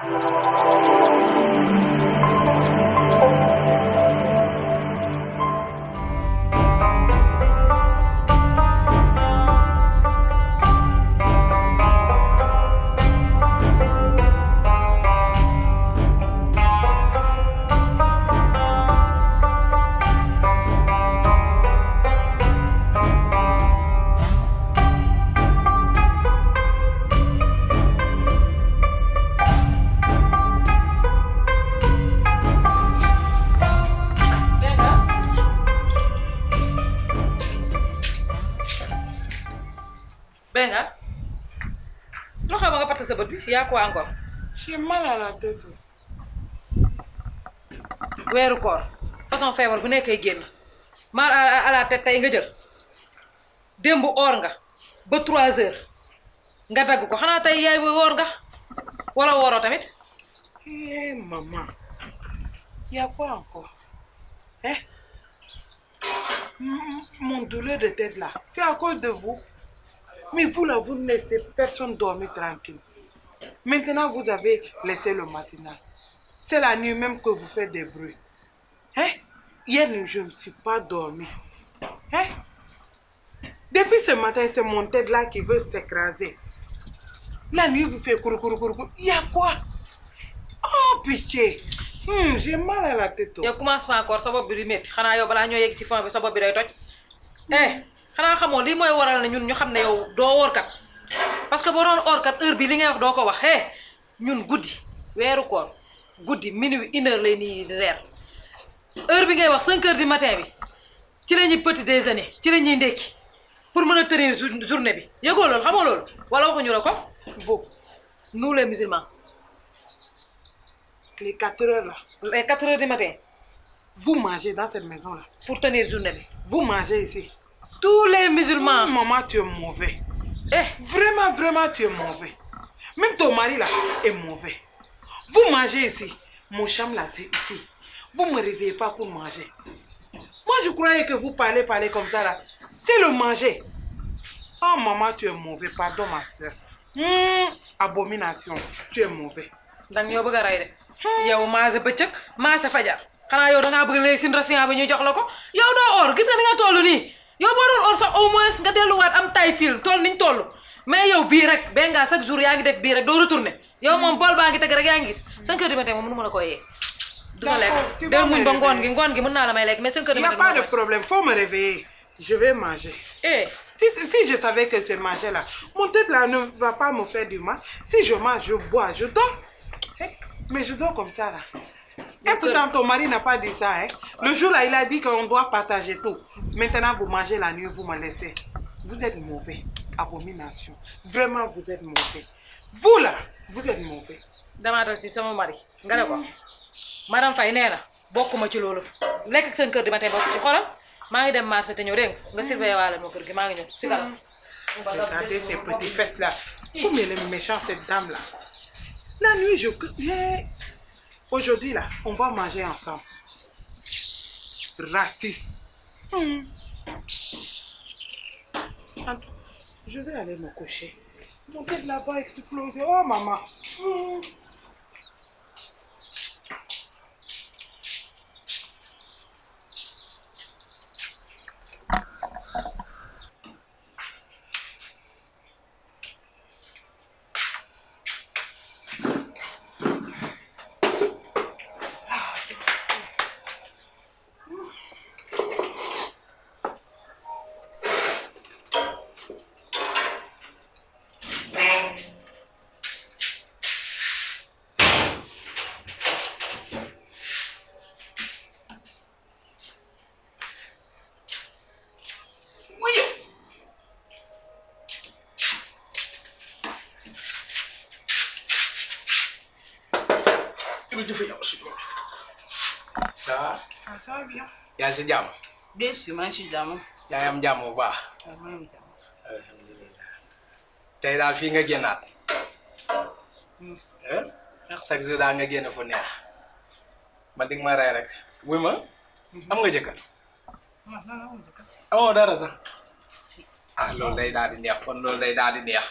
Thank you. quoi encore j'ai mal à la tête façon bu y a mal à la tête nga jël démb nga trois heures nga ko wala tamit eh quoi encore mon douleur de tête là c'est à cause de vous mais vous là vous ne laissez personne dormir tranquille Maintenant, vous avez laissé le matinal. C'est la nuit même que vous faites des bruits. Hein? Hier, je ne suis pas dormi. Hein? Depuis ce matin, c'est mon tête là qui veut s'écraser. La nuit, vous faites courou, courou, courou, Il y a quoi? Oh, pitié! hmm, J'ai mal à la tête. Je oh. commence pas encore, ça va brimer. Je vais vous dire que ça va brimer. Eh, je vais vous dire que ça va brimer parce que boo or h heure bi li ngay du matin bi ci la petit déjeuner pour tenir journée bi vous nous les musulmans les 4 heures les du matin vous mangez dans cette maison là pour tenir journée vous mangez ici tous les musulmans maman tu es mauvais eh, vraiment, vraiment, tu es mauvais. Même ton mari là est mauvais. Vous mangez ici. Mon chambre là, c'est ici. Vous ne me réveillez pas pour manger. Moi, je croyais que vous parlez, parlez comme ça là. C'est le manger. Oh, maman, tu es mauvais. Pardon, ma soeur. Mmh, abomination. Tu es mauvais. Donc, je vais yow maase bëccëg maase fajar xanaa yow dangaa bëgg léegi sin rasiya bi ñu jox la ko yow doo oor gis nga ni nga toll nii yow boo doon or sax au moins nga delluwaat am taille fil toll niñ toll mais yow bii rek benga chaque jour yaa ngi def bii rek doo retourner yow moom bol baa ngi teg rek yaa ngi gis 5 heures du matin moom mënu la ko yee du ma lekk del muñ ba ngoon gi ngoon gi mën naa la may lekk mais 5 heures du matin y a pas de problème faut me réveiller je vais manger eh si, si je savais que ce manger là mon tête là ne va pas me faire du mal si je mange je bois je dors eh, mais je dors comme ça là et pourtant, hein, ton mari n'a pas dit ça. Hein? Le jour-là, il a dit qu'on doit partager tout. Maintenant, vous mangez la nuit, vous me laissez. Vous êtes mauvais. Abomination. Vraiment, vous êtes mauvais. Vous là, vous êtes mauvais. damaa c'est mon mari regardez quoi. madame Faye beaucoup de bokkuma ci loolu lekk seen de matin, ma tey bokk ci xoolal maa ngi dem marché Je nga surveiller gi mm-hmm. Regardez ces petites fesses là. Combien elle est méchante cette dame là. La nuit, je... Aujourd'hui, là, on va manger ensemble. Raciste. Hmm. Je vais aller me coucher. Mon tête là-bas explosé. Oh, maman. Hmm. jërëjëf si loolu. Ah, yaa jàmm. bien jàmm. yaa ngi am jàmm bu baax. Ah, daal fii nga génnaat. Hmm. chaque jour daal nga fu neex. man di ma rey wuy ma. Hmm. am nga jëkkër. amoo dara sax. ah loolu day daal di neex kon day daal di neex.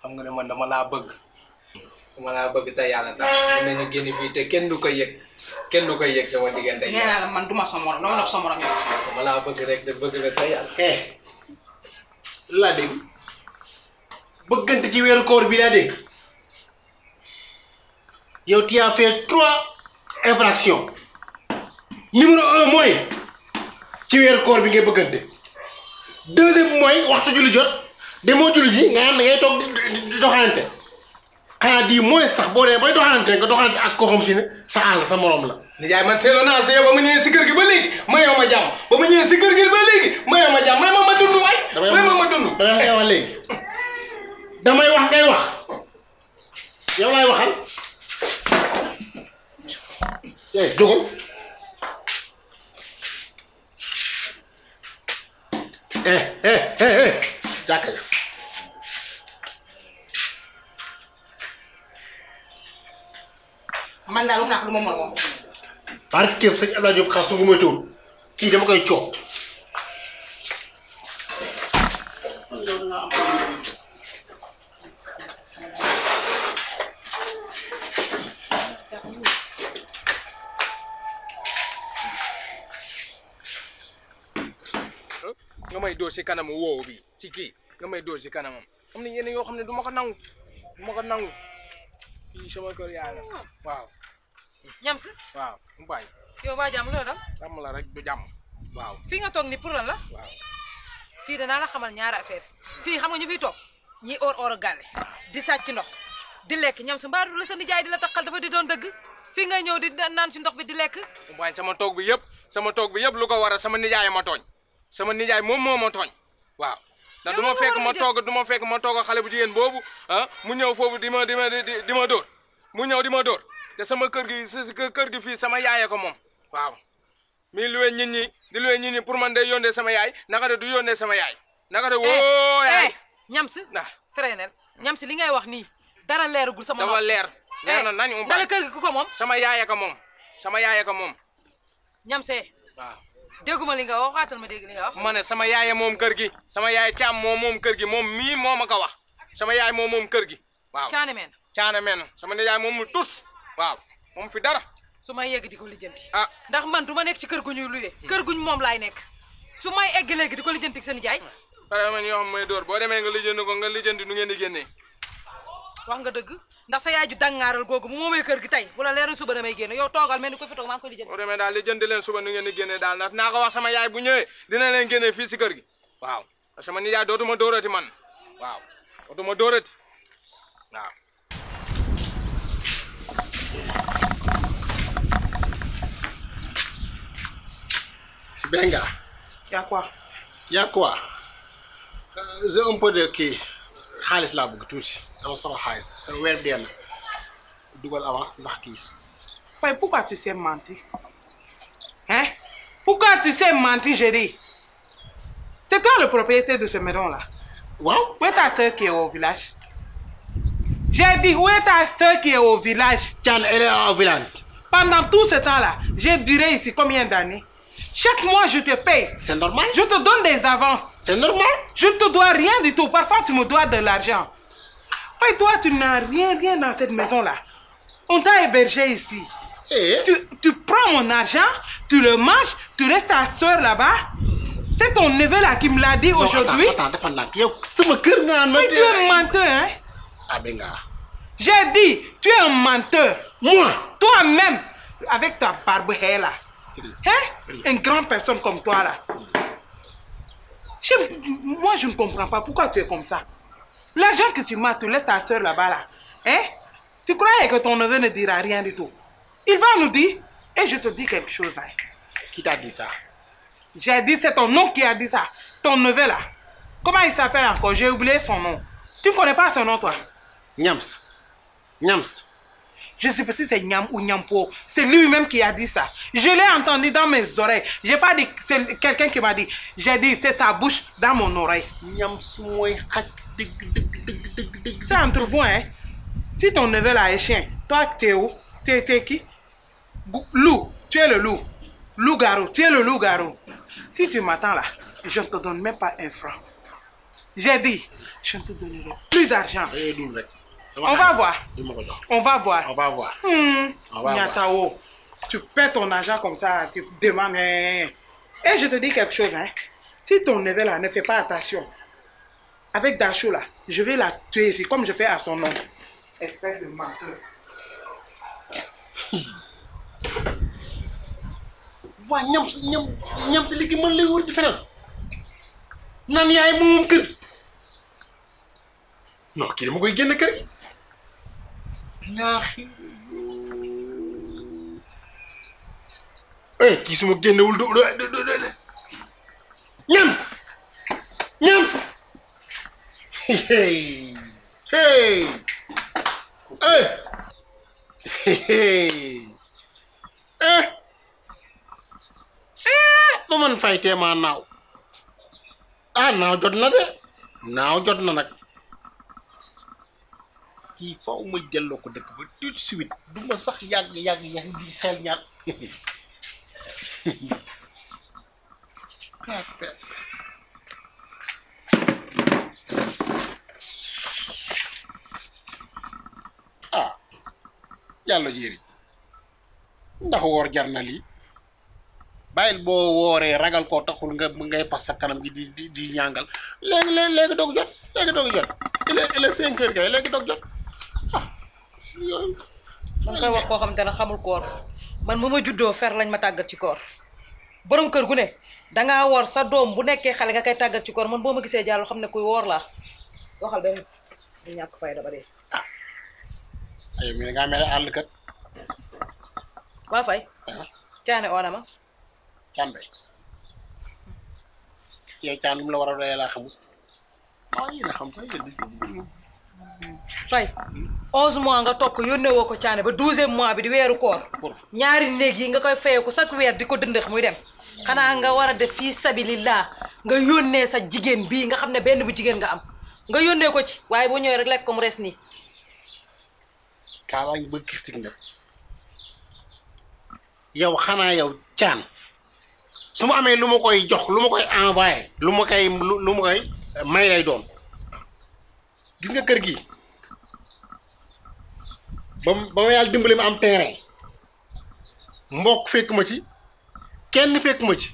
xam nga ne man dama laa bëgg. wala bëgg ta yalla ta ñu ñu genn fi té kenn du ko yegg kenn du ko yegg sama digënté ñu la man duma sa morom nak nopp sa morom wala bëgg rek de bëgg la ta yalla eh la dégg bëggante ci wéru koor bi la dégg yow tu as fait trois infractions numéro 1 moy ci wéru koor bi ngay bëggante deuxième moy waxtu julli jot demo julli ji nga am ngay tok doxante xanaa di moins sax boo demee bay doxalante nga doxalante ak koo xam si ne sa aas sa morom la. nijaay man selo na sa yow ba ma ñëwee si kër gi ba léegi mayo ma jam ba ma ñëwee si kër gi ba léegi mayo ma jam may ma ma dundu way may ma ma dundu da wax ngay wax léegi damay wax ngay wax yow lay waxal eh jógal eh eh eh eh jàkka man daal wax naa ko lu ma mën a wax. barke Kéem sëñ Abdoulaye Diop xaas su ma moytuwul kii dama koy coow. nga may dóor si kanam woowu bi ci kii nga may dóor si kanamam am na yeneen yoo xam ne du ma ko nangu du ma ko nangu fii sama kër yaay la waaw. ñam si waaw mu bàyyi yow baa jàmm loolu dal jàmm la rek du jàmm waaw fii nga toog ni pour lan la waaw fii danaa la xamal ñaari affaire fii xam nga ñu fiy toog ñi or or a gàlle di sàcc ndox di lekk ñam si mbaadu la sa nijaay di la taxal dafa di doon dëgg fi ngay ñëw di naan si ndox bi di lekk mu bàyyi sama toog bi yëpp sama toog bi yëpp lu ko war sama nijaay ma tooñ sama nijaay moom moo ma tooñ waaw da du ma fekk ma toog du ma fekk ma toog xale bu jigéen boobu ah mu ñëw foofu di ma di ma di ma dóor mu ñëw di ma dóor te sama kër gi kër gi fi sama yaay ak mom waaw mi luwe nit ñi di luwe nit ñi pour man day yondé sama yaay naka de du yondé sama yaay naka de eh, woo yaay eh, ñam si na freinel ñam si li ngay wax ni dara leeragul sama dama lér eh, lér na nañu um kër gi ku ko mom sama yaay ak mom sama yaay ak mom ñam see waaw dégguma li nga wax xatal ma dégg li nga wax mané sama yaay mom kër gi sama yaay cham mom mom kër gi mom mi moo wax sama yaay mom mom kër gi waaw caane ciana men sama nijaay moom mu tus waaw moom fi dara suma yegg iya diko lijeenti ah ndax man duma nek ci keur guñu ñuy luye hmm. kër guñ mom lay nek suma may egg eh léegi di ko lijjanti seen nijaay man yo xam may dóor bo demé nga lijjanti ko nga lijeenti nu ngeen di genné wax nga deug ndax sa yaaju ju dangaaral googu mu moomee kër gi tay wala leeru suba damay génn yow togal melni ko fi tok ma ko lijeenti bo demé dal lijeenti len suba nu ngeen di genné dal ndax naa wax sama yaay bu ñëwee dina len genné fi ci keur gi waaw sama nijaay dotuma dorati man waaw dotuma dorati waaw Benga. ya quoi Ya quoi J'ai un peu de qui. xaalis tout bëgg tuuti dama soxla xaalis C'est un dee na dugal avance ndax qui? pourquoi tu sais mentir hein pourquoi tu sais mentir Jerry? c'est toi le propriétaire de ce maison là. Ouais? où est ta sœur qui est au village. J'ai dit, où est ta soeur qui est au village Tiens, elle est au village. Pendant tout ce temps-là, j'ai duré ici combien d'années chaque mois, je te paye. C'est normal. Je te donne des avances. C'est normal. Je ne te dois rien du tout. Parfois, tu me dois de l'argent. Fais toi, tu n'as rien, rien dans cette maison-là. On t'a hébergé ici. Eh? Tu, tu, prends mon argent, tu le manges, tu restes ta soeur là-bas. C'est ton neveu là qui me l'a dit aujourd'hui. Attends, Tu es hein. menteur, hein? Abenga. J'ai dit, tu es un menteur. Moi Toi-même, avec ta barbe là. Hein? Une grande personne comme toi là. moi, je ne comprends pas pourquoi tu es comme ça. L'argent que tu m'as, tu laisses ta soeur là-bas là. Hein? Tu croyais que ton neveu ne dira rien du tout. Il va nous dire, et je te dis quelque chose hein. Qui t'a dit ça? J'ai dit, c'est ton nom qui a dit ça. Ton neveu là. Comment il s'appelle encore J'ai oublié son nom. Tu ne connais pas son nom toi Niams. Niams. Je sais pas si c'est Niam ou Niampo. C'est lui-même qui a dit ça. Je l'ai entendu dans mes oreilles. je n'ai pas dit, c'est quelqu'un qui m'a dit. J'ai dit, c'est sa bouche dans mon oreille. Niams, C'est entre vous, hein. Si ton neveu là est chien, toi t'es où Tu es qui Loup, tu es le loup. Loup-garou, tu es le loup-garou. Si tu m'attends là, je ne te donne même pas un franc. J'ai dit, je ne te donnerai plus d'argent. Eh, on va voir. On va voir. Hmm. On va voir. tu perds ton argent comme ça, tu demandes. Hein. Et je te dis quelque chose, hein. Si ton neveu là ne fait pas attention, avec Dacho là, je vais la tuer ici, comme je fais à son nom. Espèce de menteur. waa ñam si ñam le si léegi mën non qui dama koy eh kii su ma génnewul du du du du ñams ñams hey hey eh eh ba man fay tee maa naaw ah naaw jot na de naaw jot na nag ki faw ma delloo ko dekk ba tout de suite duma sax yag yag yag di xel ñaar ah yalla jeri ndax wor jar na lii bo boo ragal ko taxul nga ngay pas sa kanam gi di di ñangal leg leg leg dog jot leg dog jot ele ele 5 heures kay leg dog jot yooyu. man koy wax koo xamante ne xamul koor man bu ma juddoo fer lañ ma tàggat ci koor borom kër gu ne dangaa woor sa doom bu nekkee xale nga koy tàggat ci koor man boo ma gisee jàll xam ne kuy woor laa waxal benn bu ñàkk fayda ba dee. ah aywa nga mel àll kat. waa ah. a doyee a xam sax fay onze mois nga toog ko yónnee woo ko caane ba douzième mois bi di weeru koor ñaari néeg yi nga koy fayee ko chaque weer di ko dëndëx muy dem xanaa nga war a def fii sabilillah nga yónnee sa jigéen bii nga xam ne benn bu jigéen nga am nga yónnee ko ci waaye boo ñëwee rek lekk ko mu rees nii kaa waa ngi bëgg yow xanaa yow caan su ma amee lu ma koy jox lu ma koy envoyé lu mu koy lu koy may lay doon gis nga kër gi ba ba ma yàlla dimbali ma am terrain mbokk fekk ma ci kenn fekk ma ci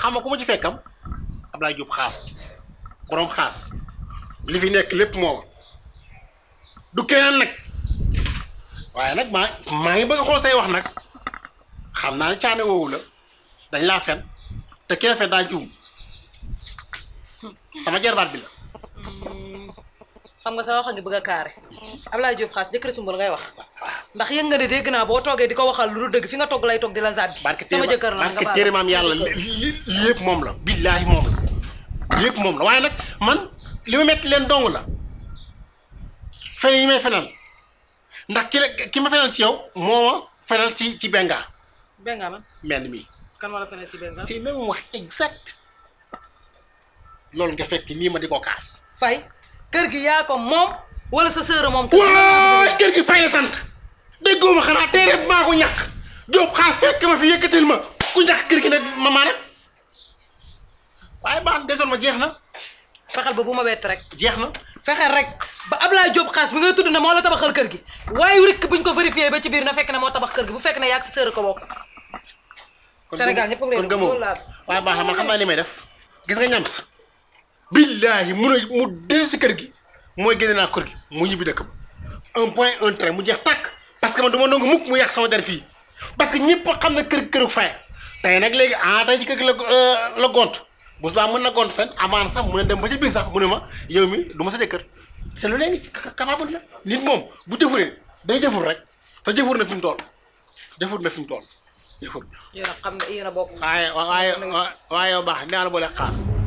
xam nga ku ma ci fekkam Ablaye Diop xaas borom xaas li fi nekk lépp moom du keneen nag waaye nag maa maa ngi bëgg a xool say wax nag xam naa ne caane woowu la dañ laa fen te kee fen daa juum sama jarbaat bi la. xam nga sa wax a ngi bëgg a kaare mm. Ablaye Diop xaas jëkkër sumbul ngay wax ah. ndax yëg nga ne dégg naa boo toogee di ko waxal lu dëgg fi nga toog lay toog di la zaab bi sama jëkkër na nga téere maam yàlla yëpp moom la billaahi moom la yëpp moom la waaye nag man li ma metti leen dong la fen yi may fenal ndax ki la ki ma fenal ci yow moo ma ci ci benga benga man mel mi kan ma la fenal ci benga c'est même wax exact loolu nga fekk nii ma di ko kaas fay kër gi yaa ko moom wala sa sœur moom. waay kër gi fay la sant déggoo ma xanaa teere maa ko ñàkk Diop xaas fekk ma fi yëkkatil ma ku ñàkk kër gi nag ma maa nag waaye baax desoon ma jeex na. fexeel ba bu ma wett rek. jeex na fexeel rek ba Ablaye Diop xaas bi ngay tudd ne moo la tabaxal kër gi waaye rek buñ ko vérifié ba ci biir na fekk ne moo tabax kër gi bu fekk ne yaa ak ko bokk. Sénégal ñëpp a baax na man xam naa may def gis nga ñams billaahi mun a mu dellu si kër gi mooy génne naa kër gi mu ñibbi dëkk ba un point un train mu jeex takk parce que man du ma nangu mukk mu yàq sama der fii parce que ñëpp xam na kër këru fay tey nag léegi ah tey ci kër gi la euh, gont bu subaa mën na gont fenn avant sax mu ne dem ba ci biir sax mu ne ma yow mi du ma sa jëkkër c'est lu léegi capable la nit moom bu jëfuree day jëfur rek te jëfur na fi mu toll jëfur na fi mu toll jëfur. yéen a xam yéen a bokk. waaye waaye waaye yow baax naa la boole xaas.